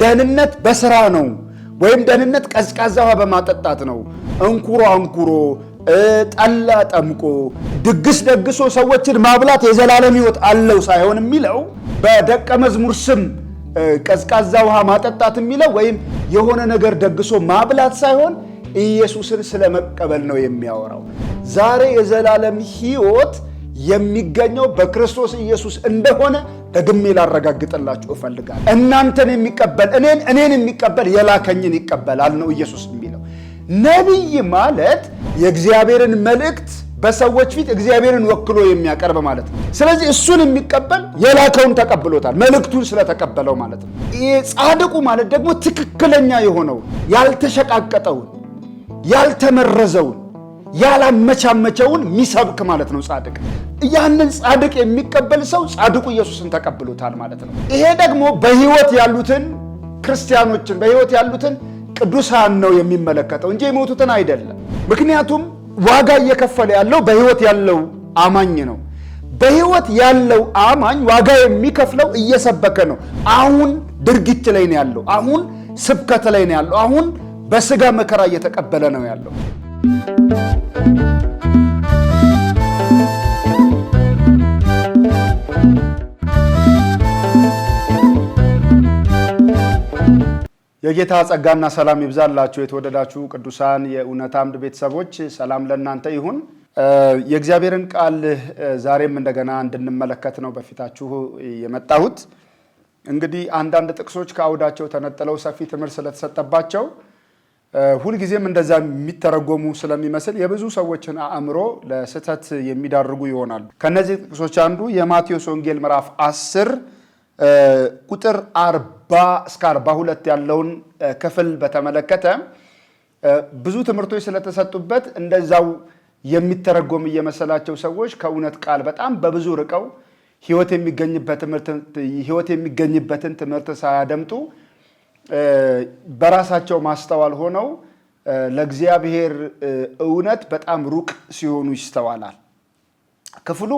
ደህንነት በስራ ነው ወይም ደህንነት ቀዝቃዛ ውሃ በማጠጣት ነው። እንኩሮ አንኩሮ ጠላ ጠምቆ ድግስ ደግሶ ሰዎችን ማብላት የዘላለም ህይወት አለው ሳይሆን የሚለው በደቀ መዝሙር ስም ቀዝቃዛ ውሃ ማጠጣት የሚለው ወይም የሆነ ነገር ደግሶ ማብላት ሳይሆን ኢየሱስን ስለመቀበል ነው የሚያወራው። ዛሬ የዘላለም ህይወት የሚገኘው በክርስቶስ ኢየሱስ እንደሆነ ደግሜ ላረጋግጥላችሁ እፈልጋለሁ። እናንተን የሚቀበል እኔን እኔን የሚቀበል የላከኝን ይቀበላል ነው ኢየሱስ የሚለው። ነቢይ ማለት የእግዚአብሔርን መልእክት በሰዎች ፊት እግዚአብሔርን ወክሎ የሚያቀርብ ማለት ነው። ስለዚህ እሱን የሚቀበል የላከውን ተቀብሎታል፣ መልእክቱን ስለተቀበለው ማለት ነው። ጻድቁ ማለት ደግሞ ትክክለኛ የሆነውን ያልተሸቃቀጠውን፣ ያልተመረዘውን፣ ያላመቻመቸውን ሚሰብክ ማለት ነው ጻድቅ። ያንን ጻድቅ የሚቀበል ሰው ጻድቁ ኢየሱስን ተቀብሎታል ማለት ነው። ይሄ ደግሞ በህይወት ያሉትን ክርስቲያኖችን በህይወት ያሉትን ቅዱሳን ነው የሚመለከተው እንጂ የሞቱትን አይደለም። ምክንያቱም ዋጋ እየከፈለ ያለው በህይወት ያለው አማኝ ነው። በህይወት ያለው አማኝ ዋጋ የሚከፍለው እየሰበከ ነው። አሁን ድርጊት ላይ ነው ያለው። አሁን ስብከት ላይ ነው ያለው። አሁን በስጋ መከራ እየተቀበለ ነው ያለው። የጌታ ጸጋና ሰላም ይብዛላችሁ። የተወደዳችሁ ቅዱሳን የእውነት አምድ ቤተሰቦች ሰላም ለእናንተ ይሁን። የእግዚአብሔርን ቃል ዛሬም እንደገና እንድንመለከት ነው በፊታችሁ የመጣሁት። እንግዲህ አንዳንድ ጥቅሶች ከአውዳቸው ተነጥለው ሰፊ ትምህርት ስለተሰጠባቸው ሁልጊዜም እንደዛ የሚተረጎሙ ስለሚመስል የብዙ ሰዎችን አእምሮ ለስህተት የሚዳርጉ ይሆናሉ። ከእነዚህ ጥቅሶች አንዱ የማቴዎስ ወንጌል ምዕራፍ 10 ቁጥር 40 እስከ 42 ያለውን ክፍል በተመለከተ ብዙ ትምህርቶች ስለተሰጡበት እንደዛው የሚተረጎም እየመሰላቸው ሰዎች ከእውነት ቃል በጣም በብዙ ርቀው ህይወት የሚገኝበትን ትምህርት ሳያደምጡ በራሳቸው ማስተዋል ሆነው ለእግዚአብሔር እውነት በጣም ሩቅ ሲሆኑ ይስተዋላል። ክፍሉ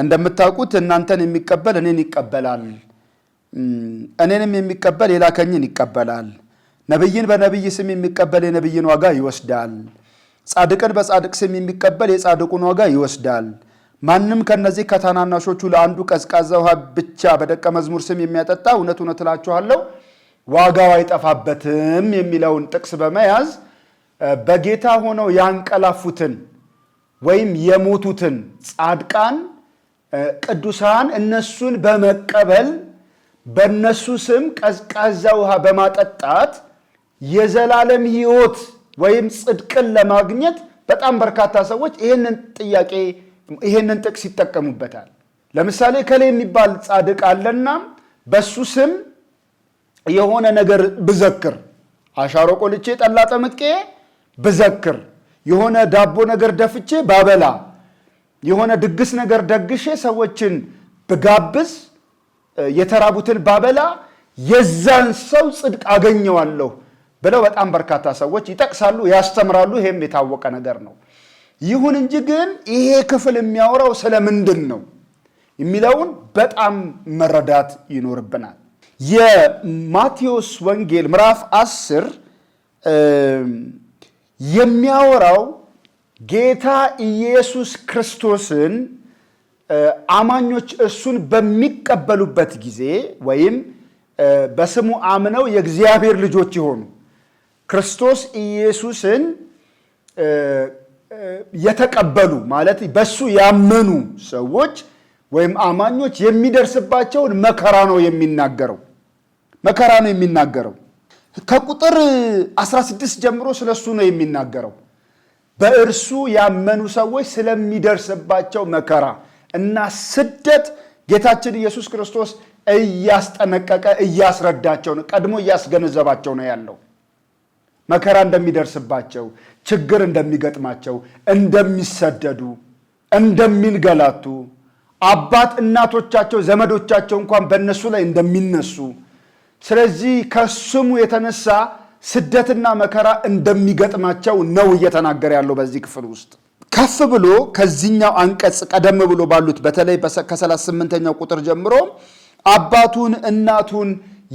እንደምታውቁት እናንተን የሚቀበል እኔን ይቀበላል፣ እኔንም የሚቀበል የላከኝን ይቀበላል። ነቢይን በነቢይ ስም የሚቀበል የነቢይን ዋጋ ይወስዳል። ጻድቅን በጻድቅ ስም የሚቀበል የጻድቁን ዋጋ ይወስዳል። ማንም ከነዚህ ከታናናሾቹ ለአንዱ ቀዝቃዛ ውሃ ብቻ በደቀ መዝሙር ስም የሚያጠጣ እውነት እውነት እላችኋለሁ ዋጋው አይጠፋበትም የሚለውን ጥቅስ በመያዝ በጌታ ሆነው ያንቀላፉትን ወይም የሞቱትን ጻድቃን ቅዱሳን እነሱን በመቀበል በእነሱ ስም ቀዝቃዛ ውሃ በማጠጣት የዘላለም ሕይወት ወይም ጽድቅን ለማግኘት በጣም በርካታ ሰዎች ይህንን ጥያቄ ይህንን ጥቅስ ይጠቀሙበታል። ለምሳሌ ከሌ የሚባል ጻድቅ አለና በሱ ስም የሆነ ነገር ብዘክር አሻሮ ቆልቼ ጠላ ጠምቄ ብዘክር የሆነ ዳቦ ነገር ደፍቼ ባበላ የሆነ ድግስ ነገር ደግሼ ሰዎችን ብጋብዝ የተራቡትን ባበላ የዛን ሰው ጽድቅ አገኘዋለሁ ብለው በጣም በርካታ ሰዎች ይጠቅሳሉ፣ ያስተምራሉ። ይሄም የታወቀ ነገር ነው። ይሁን እንጂ ግን ይሄ ክፍል የሚያወራው ስለ ምንድን ነው የሚለውን በጣም መረዳት ይኖርብናል። የማቴዎስ ወንጌል ምዕራፍ አስር የሚያወራው ጌታ ኢየሱስ ክርስቶስን አማኞች እሱን በሚቀበሉበት ጊዜ ወይም በስሙ አምነው የእግዚአብሔር ልጆች የሆኑ ክርስቶስ ኢየሱስን የተቀበሉ ማለት በሱ ያመኑ ሰዎች ወይም አማኞች የሚደርስባቸውን መከራ ነው የሚናገረው። መከራ ነው የሚናገረው። ከቁጥር 16 ጀምሮ ስለሱ ነው የሚናገረው። በእርሱ ያመኑ ሰዎች ስለሚደርስባቸው መከራ እና ስደት ጌታችን ኢየሱስ ክርስቶስ እያስጠነቀቀ እያስረዳቸው ነው። ቀድሞ እያስገነዘባቸው ነው ያለው መከራ እንደሚደርስባቸው፣ ችግር እንደሚገጥማቸው፣ እንደሚሰደዱ፣ እንደሚንገላቱ፣ አባት እናቶቻቸው፣ ዘመዶቻቸው እንኳን በእነሱ ላይ እንደሚነሱ ስለዚህ ከስሙ የተነሳ ስደትና መከራ እንደሚገጥማቸው ነው እየተናገረ ያለው በዚህ ክፍል ውስጥ ከፍ ብሎ ከዚህኛው አንቀጽ ቀደም ብሎ ባሉት በተለይ ከ38ኛው ቁጥር ጀምሮ አባቱን እናቱን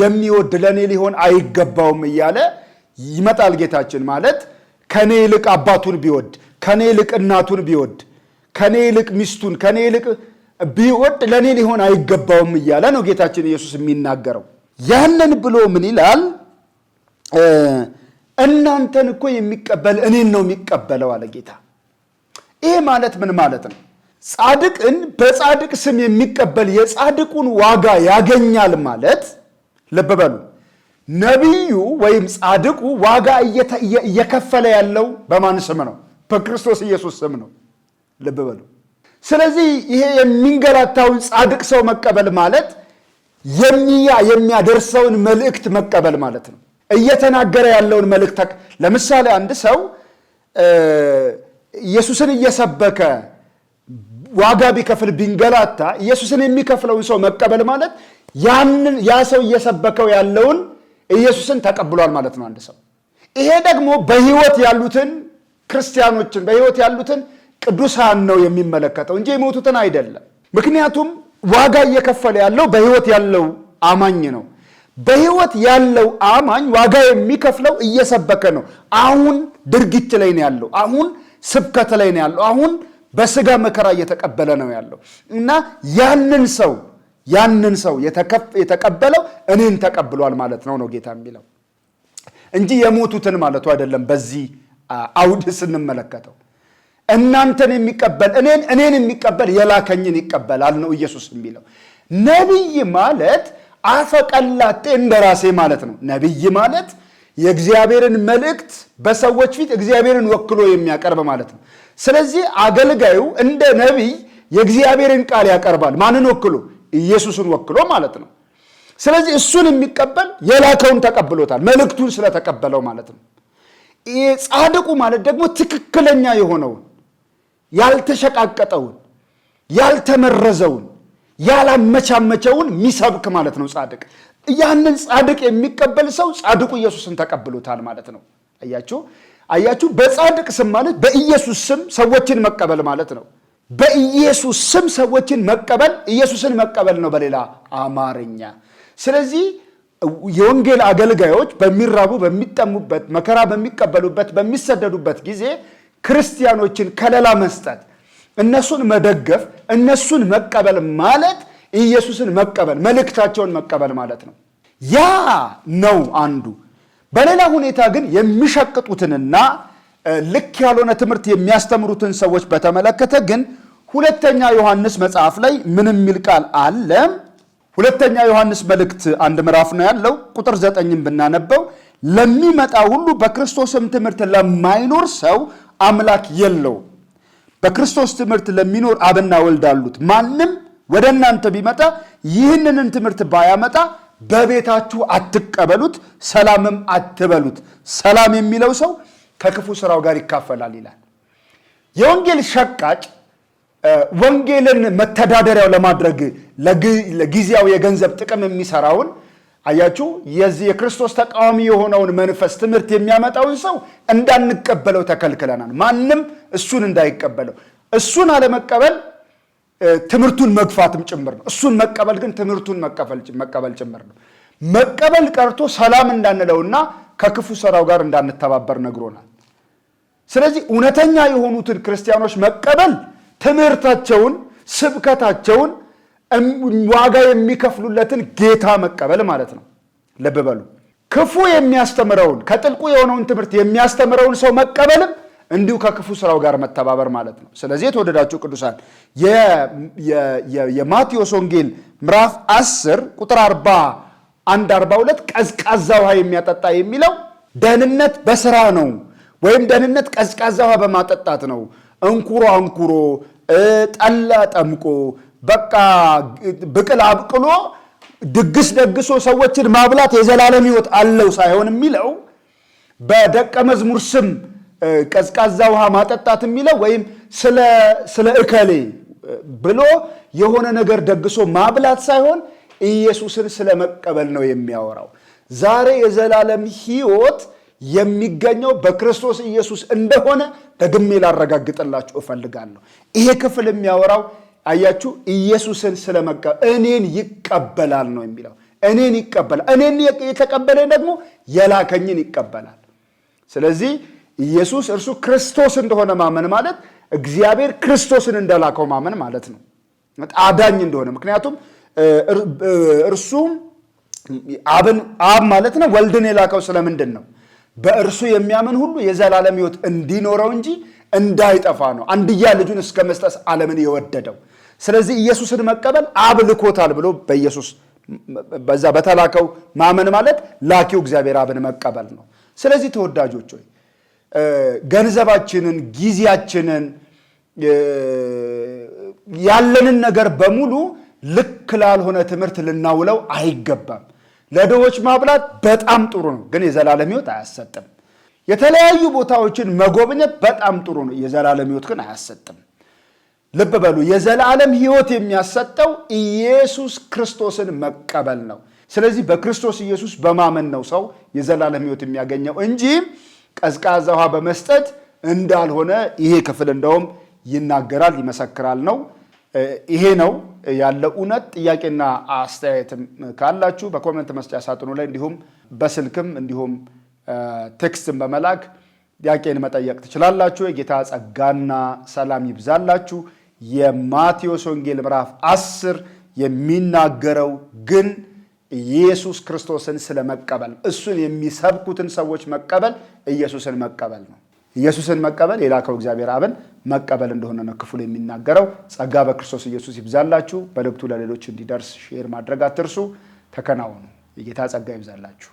የሚወድ ለእኔ ሊሆን አይገባውም እያለ ይመጣል ጌታችን። ማለት ከኔ ይልቅ አባቱን ቢወድ፣ ከኔ ይልቅ እናቱን ቢወድ፣ ከኔ ይልቅ ሚስቱን፣ ከኔ ይልቅ ቢወድ ለእኔ ሊሆን አይገባውም እያለ ነው ጌታችን ኢየሱስ የሚናገረው። ያንን ብሎ ምን ይላል? እናንተን እኮ የሚቀበል እኔን ነው የሚቀበለው አለ ጌታ። ይሄ ማለት ምን ማለት ነው? ጻድቅን በጻድቅ ስም የሚቀበል የጻድቁን ዋጋ ያገኛል ማለት ልብ በሉ። ነቢዩ ወይም ጻድቁ ዋጋ እየከፈለ ያለው በማን ስም ነው? በክርስቶስ ኢየሱስ ስም ነው። ልብ በሉ። ስለዚህ ይሄ የሚንገላታውን ጻድቅ ሰው መቀበል ማለት የሚያ የሚያደርሰውን መልእክት መቀበል ማለት ነው። እየተናገረ ያለውን መልእክት ለምሳሌ አንድ ሰው ኢየሱስን እየሰበከ ዋጋ ቢከፍል ቢንገላታ ኢየሱስን የሚከፍለውን ሰው መቀበል ማለት ያንን ያ ሰው እየሰበከው ያለውን ኢየሱስን ተቀብሏል ማለት ነው አንድ ሰው። ይሄ ደግሞ በህይወት ያሉትን ክርስቲያኖችን በህይወት ያሉትን ቅዱሳን ነው የሚመለከተው እንጂ የሞቱትን አይደለም። ምክንያቱም ዋጋ እየከፈለ ያለው በህይወት ያለው አማኝ ነው። በህይወት ያለው አማኝ ዋጋ የሚከፍለው እየሰበከ ነው። አሁን ድርጊት ላይ ነው ያለው። አሁን ስብከት ላይ ነው ያለው። አሁን በስጋ መከራ እየተቀበለ ነው ያለው እና ያንን ሰው ያንን ሰው የተቀበለው እኔን ተቀብሏል ማለት ነው ነው ጌታ የሚለው እንጂ የሞቱትን ማለቱ አይደለም። በዚህ አውድ ስንመለከተው እናንተን የሚቀበል እኔን እኔን የሚቀበል የላከኝን ይቀበላል ነው ኢየሱስ የሚለው ነቢይ ማለት አፈቀላጤ እንደራሴ ማለት ነው። ነቢይ ማለት የእግዚአብሔርን መልእክት በሰዎች ፊት እግዚአብሔርን ወክሎ የሚያቀርብ ማለት ነው። ስለዚህ አገልጋዩ እንደ ነቢይ የእግዚአብሔርን ቃል ያቀርባል። ማንን ወክሎ? ኢየሱስን ወክሎ ማለት ነው። ስለዚህ እሱን የሚቀበል የላከውን ተቀብሎታል፣ መልእክቱን ስለተቀበለው ማለት ነው። ጻድቁ ማለት ደግሞ ትክክለኛ የሆነውን ያልተሸቃቀጠውን፣ ያልተመረዘውን ያላመቻመቸውን ሚሰብክ ማለት ነው ጻድቅ። ያንን ጻድቅ የሚቀበል ሰው ጻድቁ ኢየሱስን ተቀብሎታል ማለት ነው። አያችሁ አያችሁ፣ በጻድቅ ስም ማለት በኢየሱስ ስም ሰዎችን መቀበል ማለት ነው። በኢየሱስ ስም ሰዎችን መቀበል ኢየሱስን መቀበል ነው በሌላ አማርኛ። ስለዚህ የወንጌል አገልጋዮች በሚራቡ በሚጠሙበት፣ መከራ በሚቀበሉበት፣ በሚሰደዱበት ጊዜ ክርስቲያኖችን ከለላ መስጠት እነሱን መደገፍ እነሱን መቀበል ማለት ኢየሱስን መቀበል መልእክታቸውን መቀበል ማለት ነው። ያ ነው አንዱ። በሌላ ሁኔታ ግን የሚሸቅጡትንና ልክ ያልሆነ ትምህርት የሚያስተምሩትን ሰዎች በተመለከተ ግን ሁለተኛ ዮሐንስ መጽሐፍ ላይ ምን የሚል ቃል አለ? ሁለተኛ ዮሐንስ መልእክት አንድ ምዕራፍ ነው ያለው። ቁጥር ዘጠኝም ብናነበው ለሚመጣ ሁሉ በክርስቶስም ትምህርት ለማይኖር ሰው አምላክ የለውም በክርስቶስ ትምህርት ለሚኖር አብና ወልድ አሉት። ማንም ወደ እናንተ ቢመጣ ይህንን ትምህርት ባያመጣ በቤታችሁ አትቀበሉት፣ ሰላምም አትበሉት። ሰላም የሚለው ሰው ከክፉ ስራው ጋር ይካፈላል ይላል። የወንጌል ሸቃጭ ወንጌልን መተዳደሪያው ለማድረግ ለጊዜያዊ የገንዘብ ጥቅም የሚሰራውን አያችሁ፣ የዚህ የክርስቶስ ተቃዋሚ የሆነውን መንፈስ ትምህርት የሚያመጣውን ሰው እንዳንቀበለው ተከልክለናል። ማንም እሱን እንዳይቀበለው። እሱን አለመቀበል ትምህርቱን መግፋትም ጭምር ነው። እሱን መቀበል ግን ትምህርቱን መቀበል ጭምር ነው። መቀበል ቀርቶ ሰላም እንዳንለውና ከክፉ ሰራው ጋር እንዳንተባበር ነግሮናል። ስለዚህ እውነተኛ የሆኑትን ክርስቲያኖች መቀበል ትምህርታቸውን፣ ስብከታቸውን ዋጋ የሚከፍሉለትን ጌታ መቀበል ማለት ነው። ልብ በሉ። ክፉ የሚያስተምረውን ከጥልቁ የሆነውን ትምህርት የሚያስተምረውን ሰው መቀበልም እንዲሁ ከክፉ ስራው ጋር መተባበር ማለት ነው። ስለዚህ የተወደዳችሁ ቅዱሳን የማቴዎስ ወንጌል ምዕራፍ 10 ቁጥር አንድ 42 ቀዝቃዛ ውሃ የሚያጠጣ የሚለው ደህንነት በስራ ነው ወይም ደህንነት ቀዝቃዛ ውሃ በማጠጣት ነው። እንኩሮ አንኩሮ፣ ጠላ ጠምቆ በቃ ብቅል አብቅሎ ድግስ ደግሶ ሰዎችን ማብላት የዘላለም ሕይወት አለው ሳይሆን የሚለው በደቀ መዝሙር ስም ቀዝቃዛ ውሃ ማጠጣት የሚለው ወይም ስለ እከሌ ብሎ የሆነ ነገር ደግሶ ማብላት ሳይሆን ኢየሱስን ስለ መቀበል ነው የሚያወራው። ዛሬ የዘላለም ሕይወት የሚገኘው በክርስቶስ ኢየሱስ እንደሆነ ደግሜ ላረጋግጥላችሁ እፈልጋለሁ። ይሄ ክፍል የሚያወራው አያችሁ፣ ኢየሱስን ስለመቀበል እኔን ይቀበላል ነው የሚለው። እኔን ይቀበላል። እኔን የተቀበለኝ ደግሞ የላከኝን ይቀበላል። ስለዚህ ኢየሱስ እርሱ ክርስቶስ እንደሆነ ማመን ማለት እግዚአብሔር ክርስቶስን እንደላከው ማመን ማለት ነው፣ አዳኝ እንደሆነ ምክንያቱም እርሱም አብን አብ ማለት ነው ወልድን የላከው ስለምንድን ነው? በእርሱ የሚያምን ሁሉ የዘላለም ሕይወት እንዲኖረው እንጂ እንዳይጠፋ ነው። አንድያ ልጁን እስከ መስጠት ዓለምን የወደደው ስለዚህ ኢየሱስን መቀበል አብ ልኮታል ብሎ በኢየሱስ በዛ በተላከው ማመን ማለት ላኪው እግዚአብሔር አብን መቀበል ነው። ስለዚህ ተወዳጆች ሆይ ገንዘባችንን፣ ጊዜያችንን፣ ያለንን ነገር በሙሉ ልክ ላልሆነ ትምህርት ልናውለው አይገባም። ለድሆች ማብላት በጣም ጥሩ ነው፣ ግን የዘላለም ሕይወት አያሰጥም። የተለያዩ ቦታዎችን መጎብኘት በጣም ጥሩ ነው፣ የዘላለም ሕይወት ግን አያሰጥም። ልብ በሉ የዘላለም ሕይወት የሚያሰጠው ኢየሱስ ክርስቶስን መቀበል ነው። ስለዚህ በክርስቶስ ኢየሱስ በማመን ነው ሰው የዘላለም ሕይወት የሚያገኘው እንጂ ቀዝቃዛ ውሃ በመስጠት እንዳልሆነ ይሄ ክፍል እንደውም ይናገራል፣ ይመሰክራል ነው። ይሄ ነው ያለ እውነት። ጥያቄና አስተያየትም ካላችሁ በኮመንት መስጫ ሳጥኑ ላይ እንዲሁም በስልክም እንዲሁም ቴክስትም በመላክ ጥያቄን መጠየቅ ትችላላችሁ። የጌታ ጸጋና ሰላም ይብዛላችሁ። የማቴዎስ ወንጌል ምዕራፍ አስር የሚናገረው ግን ኢየሱስ ክርስቶስን ስለመቀበል እሱን የሚሰብኩትን ሰዎች መቀበል ኢየሱስን መቀበል ነው። ኢየሱስን መቀበል የላከው እግዚአብሔር አብን መቀበል እንደሆነ ነው ክፍሉ የሚናገረው። ጸጋ በክርስቶስ ኢየሱስ ይብዛላችሁ። መልእክቱ ለሌሎች እንዲደርስ ሼር ማድረግ አትርሱ። ተከናወኑ። የጌታ ጸጋ ይብዛላችሁ።